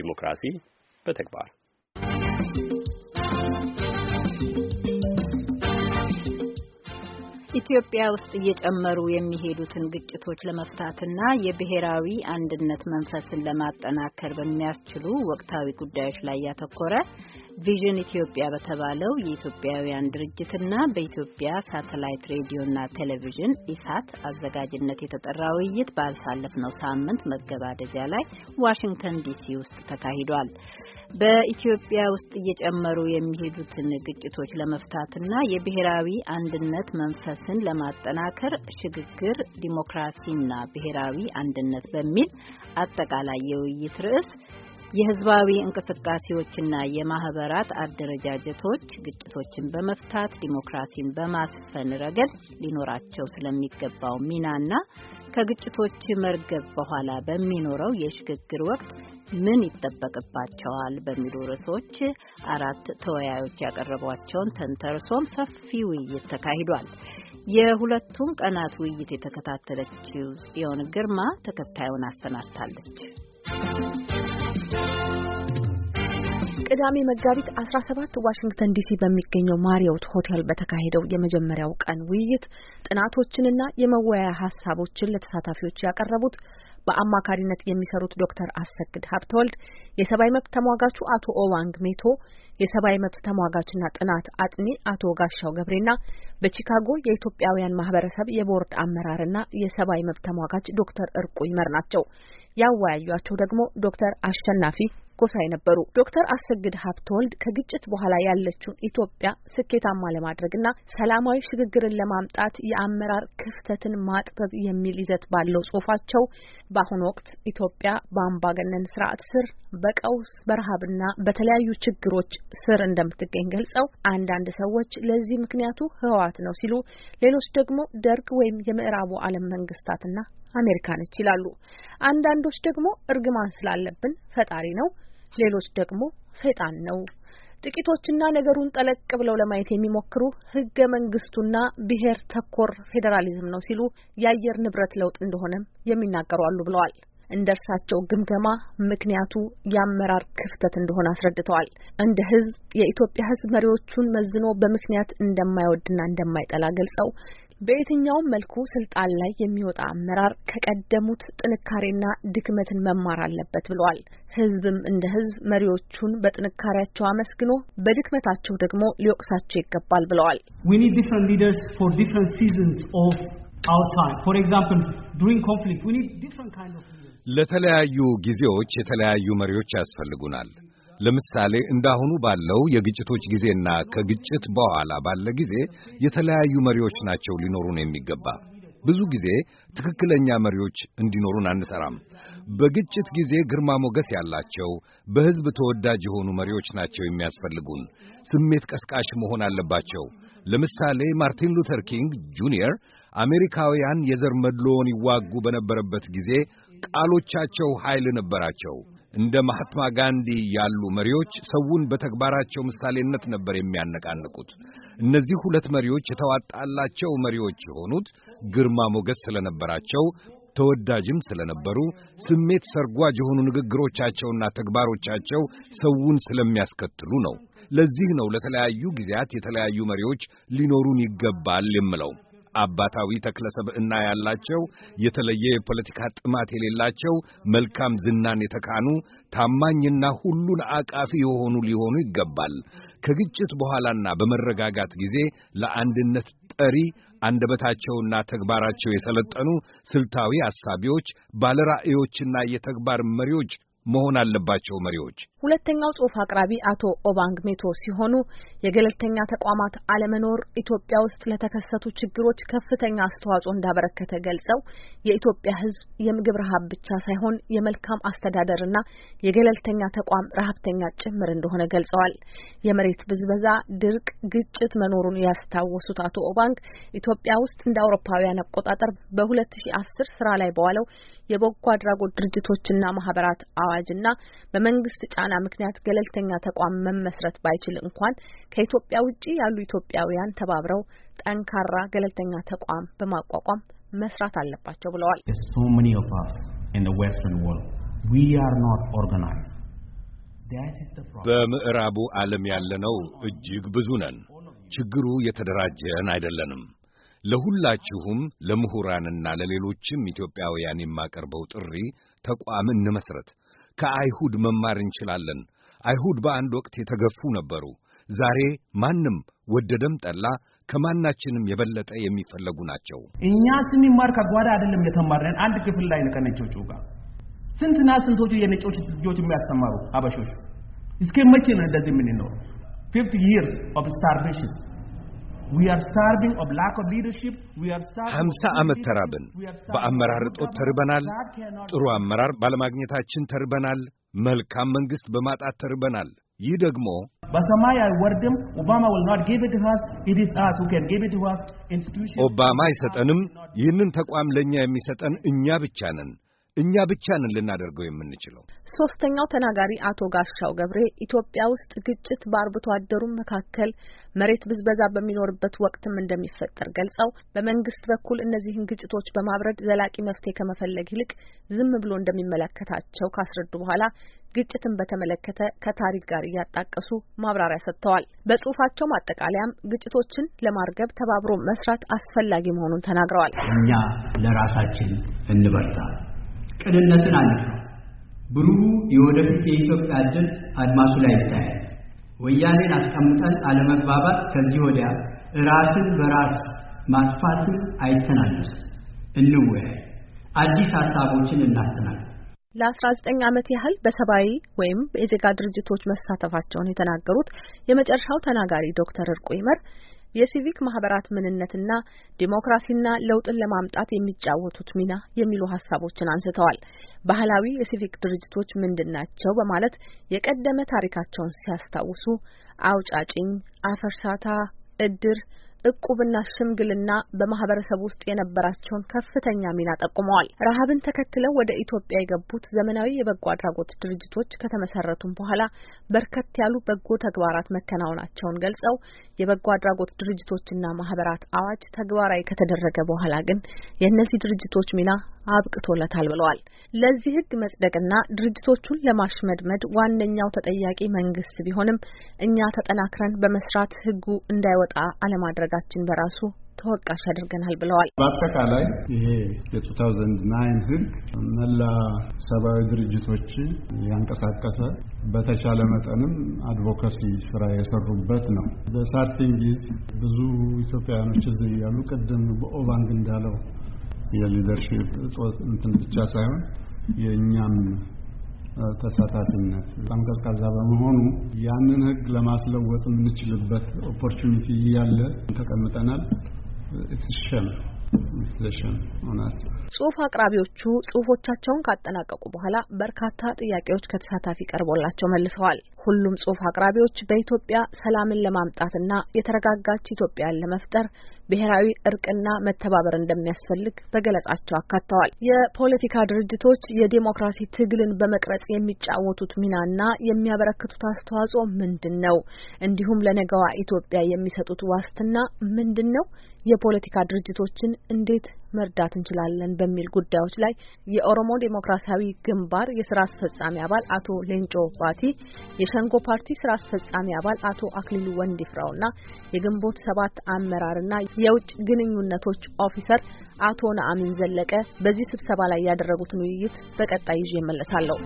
ዲሞክራሲ በተግባር ኢትዮጵያ ውስጥ እየጨመሩ የሚሄዱትን ግጭቶች ለመፍታትና የብሔራዊ አንድነት መንፈስን ለማጠናከር በሚያስችሉ ወቅታዊ ጉዳዮች ላይ ያተኮረ ቪዥን ኢትዮጵያ በተባለው የኢትዮጵያውያን ድርጅትና በኢትዮጵያ ሳተላይት ሬዲዮና ቴሌቪዥን ኢሳት አዘጋጅነት የተጠራ ውይይት ባሳለፍነው ሳምንት መገባደጃ ላይ ዋሽንግተን ዲሲ ውስጥ ተካሂዷል። በኢትዮጵያ ውስጥ እየጨመሩ የሚሄዱትን ግጭቶች ለመፍታትና የብሔራዊ አንድነት መንፈስን ለማጠናከር ሽግግር፣ ዲሞክራሲና ብሔራዊ አንድነት በሚል አጠቃላይ የውይይት ርዕስ የህዝባዊ እንቅስቃሴዎችና የማህበራት አደረጃጀቶች ግጭቶችን በመፍታት ዲሞክራሲን በማስፈን ረገድ ሊኖራቸው ስለሚገባው ሚናና ከግጭቶች መርገብ በኋላ በሚኖረው የሽግግር ወቅት ምን ይጠበቅባቸዋል በሚሉ ርዕሶች አራት ተወያዮች ያቀረቧቸውን ተንተርሶም ሰፊ ውይይት ተካሂዷል። የሁለቱም ቀናት ውይይት የተከታተለችው ጽዮን ግርማ ተከታዩን አሰናድታለች። ቅዳሜ መጋቢት 17 ዋሽንግተን ዲሲ በሚገኘው ማሪዮት ሆቴል በተካሄደው የመጀመሪያው ቀን ውይይት ጥናቶችንና የመወያያ ሀሳቦችን ለተሳታፊዎች ያቀረቡት በአማካሪነት የሚሰሩት ዶክተር አሰግድ ሀብተወልድ፣ የሰብአዊ መብት ተሟጋቹ አቶ ኦዋንግ ሜቶ፣ የሰብአዊ መብት ተሟጋችና ጥናት አጥኒ አቶ ጋሻው ገብሬና በቺካጎ የኢትዮጵያውያን ማህበረሰብ የቦርድ አመራርና የሰብአዊ መብት ተሟጋች ዶክተር እርቁ ይመር ናቸው። ያወያዩቸው ደግሞ ዶክተር አሸናፊ ጎሳይ ነበሩ። ዶክተር አሰግድ ሀብተወልድ ከግጭት በኋላ ያለችውን ኢትዮጵያ ስኬታማ ለማድረግና ሰላማዊ ሽግግርን ለማምጣት የአመራር ክፍተትን ማጥበብ የሚል ይዘት ባለው ጽሁፋቸው በአሁኑ ወቅት ኢትዮጵያ በአምባገነን ስርዓት ስር በቀውስ በረሃብና በተለያዩ ችግሮች ስር እንደምትገኝ ገልጸው አንዳንድ ሰዎች ለዚህ ምክንያቱ ህወሓት ነው ሲሉ፣ ሌሎች ደግሞ ደርግ ወይም የምዕራቡ ዓለም መንግስታትና አሜሪካ ነች ይላሉ። አንዳንዶች ደግሞ እርግማን ስላለብን ፈጣሪ ነው ሌሎች ደግሞ ሰይጣን ነው። ጥቂቶችና ነገሩን ጠለቅ ብለው ለማየት የሚሞክሩ ህገ መንግስቱና ብሔር ተኮር ፌዴራሊዝም ነው ሲሉ የአየር ንብረት ለውጥ እንደሆነም የሚናገሩ አሉ ብለዋል። እንደ እርሳቸው ግምገማ ምክንያቱ የአመራር ክፍተት እንደሆነ አስረድተዋል። እንደ ህዝብ የኢትዮጵያ ህዝብ መሪዎቹን መዝኖ በምክንያት እንደማይወድና እንደማይጠላ ገልጸው በየትኛውም መልኩ ስልጣን ላይ የሚወጣ አመራር ከቀደሙት ጥንካሬና ድክመትን መማር አለበት ብለዋል። ህዝብም እንደ ህዝብ መሪዎቹን በጥንካሬያቸው አመስግኖ በድክመታቸው ደግሞ ሊወቅሳቸው ይገባል ብለዋል። ለተለያዩ ጊዜዎች የተለያዩ መሪዎች ያስፈልጉናል። ለምሳሌ እንዳሁኑ ባለው የግጭቶች ጊዜና ከግጭት በኋላ ባለ ጊዜ የተለያዩ መሪዎች ናቸው ሊኖሩን የሚገባ። ብዙ ጊዜ ትክክለኛ መሪዎች እንዲኖሩን አንሰራም። በግጭት ጊዜ ግርማ ሞገስ ያላቸው በሕዝብ ተወዳጅ የሆኑ መሪዎች ናቸው የሚያስፈልጉን። ስሜት ቀስቃሽ መሆን አለባቸው። ለምሳሌ ማርቲን ሉተር ኪንግ ጁኒየር አሜሪካውያን የዘር መድሎውን ይዋጉ በነበረበት ጊዜ ቃሎቻቸው ኃይል ነበራቸው። እንደ ማህትማ ጋንዲ ያሉ መሪዎች ሰውን በተግባራቸው ምሳሌነት ነበር የሚያነቃንቁት። እነዚህ ሁለት መሪዎች የተዋጣላቸው መሪዎች የሆኑት ግርማ ሞገስ ስለነበራቸው ተወዳጅም ስለነበሩ ስሜት ሰርጓጅ የሆኑ ንግግሮቻቸውና ተግባሮቻቸው ሰውን ስለሚያስከትሉ ነው። ለዚህ ነው ለተለያዩ ጊዜያት የተለያዩ መሪዎች ሊኖሩን ይገባል የምለው። አባታዊ ተክለሰብዕና ያላቸው የተለየ የፖለቲካ ጥማት የሌላቸው መልካም ዝናን የተካኑ ታማኝና ሁሉን አቃፊ የሆኑ ሊሆኑ ይገባል። ከግጭት በኋላና በመረጋጋት ጊዜ ለአንድነት ጠሪ አንደበታቸውና ተግባራቸው የሰለጠኑ ስልታዊ አሳቢዎች፣ ባለራዕዮችና የተግባር መሪዎች መሆን አለባቸው መሪዎች። ሁለተኛው ጽሑፍ አቅራቢ አቶ ኦባንግ ሜቶ ሲሆኑ የገለልተኛ ተቋማት አለመኖር ኢትዮጵያ ውስጥ ለተከሰቱ ችግሮች ከፍተኛ አስተዋጽኦ እንዳበረከተ ገልጸው የኢትዮጵያ ሕዝብ የምግብ ረሀብ ብቻ ሳይሆን የመልካም አስተዳደርና የገለልተኛ ተቋም ረሀብተኛ ጭምር እንደሆነ ገልጸዋል። የመሬት ብዝበዛ፣ ድርቅ፣ ግጭት መኖሩን ያስታወሱት አቶ ኦባንግ ኢትዮጵያ ውስጥ እንደ አውሮፓውያን አቆጣጠር በ2010 ስራ ላይ በዋለው የበጎ አድራጎት ድርጅቶችና ማህበራት አዋጅ አዋጅና በመንግስት ጫና ምክንያት ገለልተኛ ተቋም መመስረት ባይችል እንኳን ከኢትዮጵያ ውጪ ያሉ ኢትዮጵያውያን ተባብረው ጠንካራ ገለልተኛ ተቋም በማቋቋም መስራት አለባቸው ብለዋል። በምዕራቡ ዓለም ያለነው እጅግ ብዙ ነን። ችግሩ የተደራጀን አይደለንም። ለሁላችሁም ለምሁራንና ለሌሎችም ኢትዮጵያውያን የማቀርበው ጥሪ ተቋም እንመስረት፣ ከአይሁድ መማር እንችላለን። አይሁድ በአንድ ወቅት የተገፉ ነበሩ። ዛሬ ማንም ወደደም ጠላ ከማናችንም የበለጠ የሚፈለጉ ናቸው። እኛ ስንማር ከጓዳ አይደለም የተማርነን፣ አንድ ክፍል ላይ ነው ከነጮቹ ጋር። ስንትና ስንቶቹ የነጮች ልጆች የሚያስተማሩ አበሾች። እስከ መቼ ነው እንደዚህ የምንኖር? ፊፍቲ ይርስ ኦፍ ስታርቬሽን ሀምሳ ዓመት ተራብን። በአመራር እጦት ተርበናል። ጥሩ አመራር ባለማግኘታችን ተርበናል። መልካም መንግሥት በማጣት ተርበናል። ይህ ደግሞ በሰማይ አይወርድም። ኦባማ አይሰጠንም። ይህንን ተቋም ለእኛ የሚሰጠን እኛ ብቻ ነን። እኛ ብቻ ነን ልናደርገው የምንችለው። ሶስተኛው ተናጋሪ አቶ ጋሻው ገብሬ ኢትዮጵያ ውስጥ ግጭት በአርብቶ አደሩም መካከል መሬት ብዝበዛ በሚኖርበት ወቅትም እንደሚፈጠር ገልጸው በመንግስት በኩል እነዚህን ግጭቶች በማብረድ ዘላቂ መፍትሄ ከመፈለግ ይልቅ ዝም ብሎ እንደሚመለከታቸው ካስረዱ በኋላ ግጭትን በተመለከተ ከታሪክ ጋር እያጣቀሱ ማብራሪያ ሰጥተዋል። በጽሁፋቸው ማጠቃለያም ግጭቶችን ለማርገብ ተባብሮ መስራት አስፈላጊ መሆኑን ተናግረዋል። እኛ ለራሳችን እንበርታ ቅንነትን አለፈ። ብሩህ የወደፊት የኢትዮጵያ እድል አድማሱ ላይ ይታያል። ወያኔን አስቀምጠን አለመግባባት ከዚህ ወዲያ ራስን በራስ ማጥፋትን አይተናነስም። እንወያይ፣ አዲስ ሀሳቦችን እናስተናል። ለ19 ዓመት ያህል በሰብአዊ ወይም የዜጋ ድርጅቶች መሳተፋቸውን የተናገሩት የመጨረሻው ተናጋሪ ዶክተር እርቁ ይመር የሲቪክ ማህበራት ምንነትና ዲሞክራሲና ለውጥን ለማምጣት የሚጫወቱት ሚና የሚሉ ሀሳቦችን አንስተዋል። ባህላዊ የሲቪክ ድርጅቶች ምንድን ናቸው በማለት የቀደመ ታሪካቸውን ሲያስታውሱ አውጫጭኝ፣ አፈርሳታ፣ እድር እቁብና ሽምግልና በማህበረሰብ ውስጥ የነበራቸውን ከፍተኛ ሚና ጠቁመዋል። ረሃብን ተከትለው ወደ ኢትዮጵያ የገቡት ዘመናዊ የበጎ አድራጎት ድርጅቶች ከተመሰረቱም በኋላ በርከት ያሉ በጎ ተግባራት መከናወናቸውን ገልጸው የበጎ አድራጎት ድርጅቶችና ማህበራት አዋጅ ተግባራዊ ከተደረገ በኋላ ግን የእነዚህ ድርጅቶች ሚና አብቅቶለታል ብለዋል። ለዚህ ህግ መጽደቅና ድርጅቶቹን ለማሽመድመድ ዋነኛው ተጠያቂ መንግስት ቢሆንም እኛ ተጠናክረን በመስራት ህጉ እንዳይወጣ አለማድረጋችን በራሱ ተወቃሽ አድርገናል ብለዋል። በአጠቃላይ ይሄ የ2009 ህግ መላ ሰብአዊ ድርጅቶች ያንቀሳቀሰ በተቻለ መጠንም አድቮካሲ ስራ የሰሩበት ነው። በሳቲንጊዝ ብዙ ኢትዮጵያውያኖች እዚህ ያሉ ቅድም በኦባንግ እንዳለው የሊደርሺፕ እንትን ብቻ ሳይሆን የእኛም ተሳታፊነት በጣም ቀዝቃዛ በመሆኑ ያንን ህግ ለማስለወጥ የምንችልበት ኦፖርቹኒቲ እያለ ተቀምጠናል። ሸም ጽሁፍ አቅራቢዎቹ ጽሁፎቻቸውን ካጠናቀቁ በኋላ በርካታ ጥያቄዎች ከተሳታፊ ቀርቦላቸው መልሰዋል። ሁሉም ጽሁፍ አቅራቢዎች በኢትዮጵያ ሰላምን ለማምጣትና የተረጋጋች ኢትዮጵያን ለመፍጠር ብሔራዊ እርቅና መተባበር እንደሚያስፈልግ በገለጻቸው አካተዋል። የፖለቲካ ድርጅቶች የዴሞክራሲ ትግልን በመቅረጽ የሚጫወቱት ሚናና የሚያበረክቱት አስተዋጽኦ ምንድን ነው? እንዲሁም ለነገዋ ኢትዮጵያ የሚሰጡት ዋስትና ምንድን ነው? የፖለቲካ ድርጅቶችን እንዴት መርዳት እንችላለን በሚል ጉዳዮች ላይ የኦሮሞ ዴሞክራሲያዊ ግንባር የስራ አስፈጻሚ አባል አቶ ሌንጮ ባቲ፣ የሸንጎ ፓርቲ ስራ አስፈጻሚ አባል አቶ አክሊሉ እና የግንቦት ሰባት አመራርና የውጭ ግንኙነቶች ኦፊሰር አቶ ነአሚን ዘለቀ በዚህ ስብሰባ ላይ ያደረጉትን ውይይት በቀጣይ ይዤ እመለሳለሁ።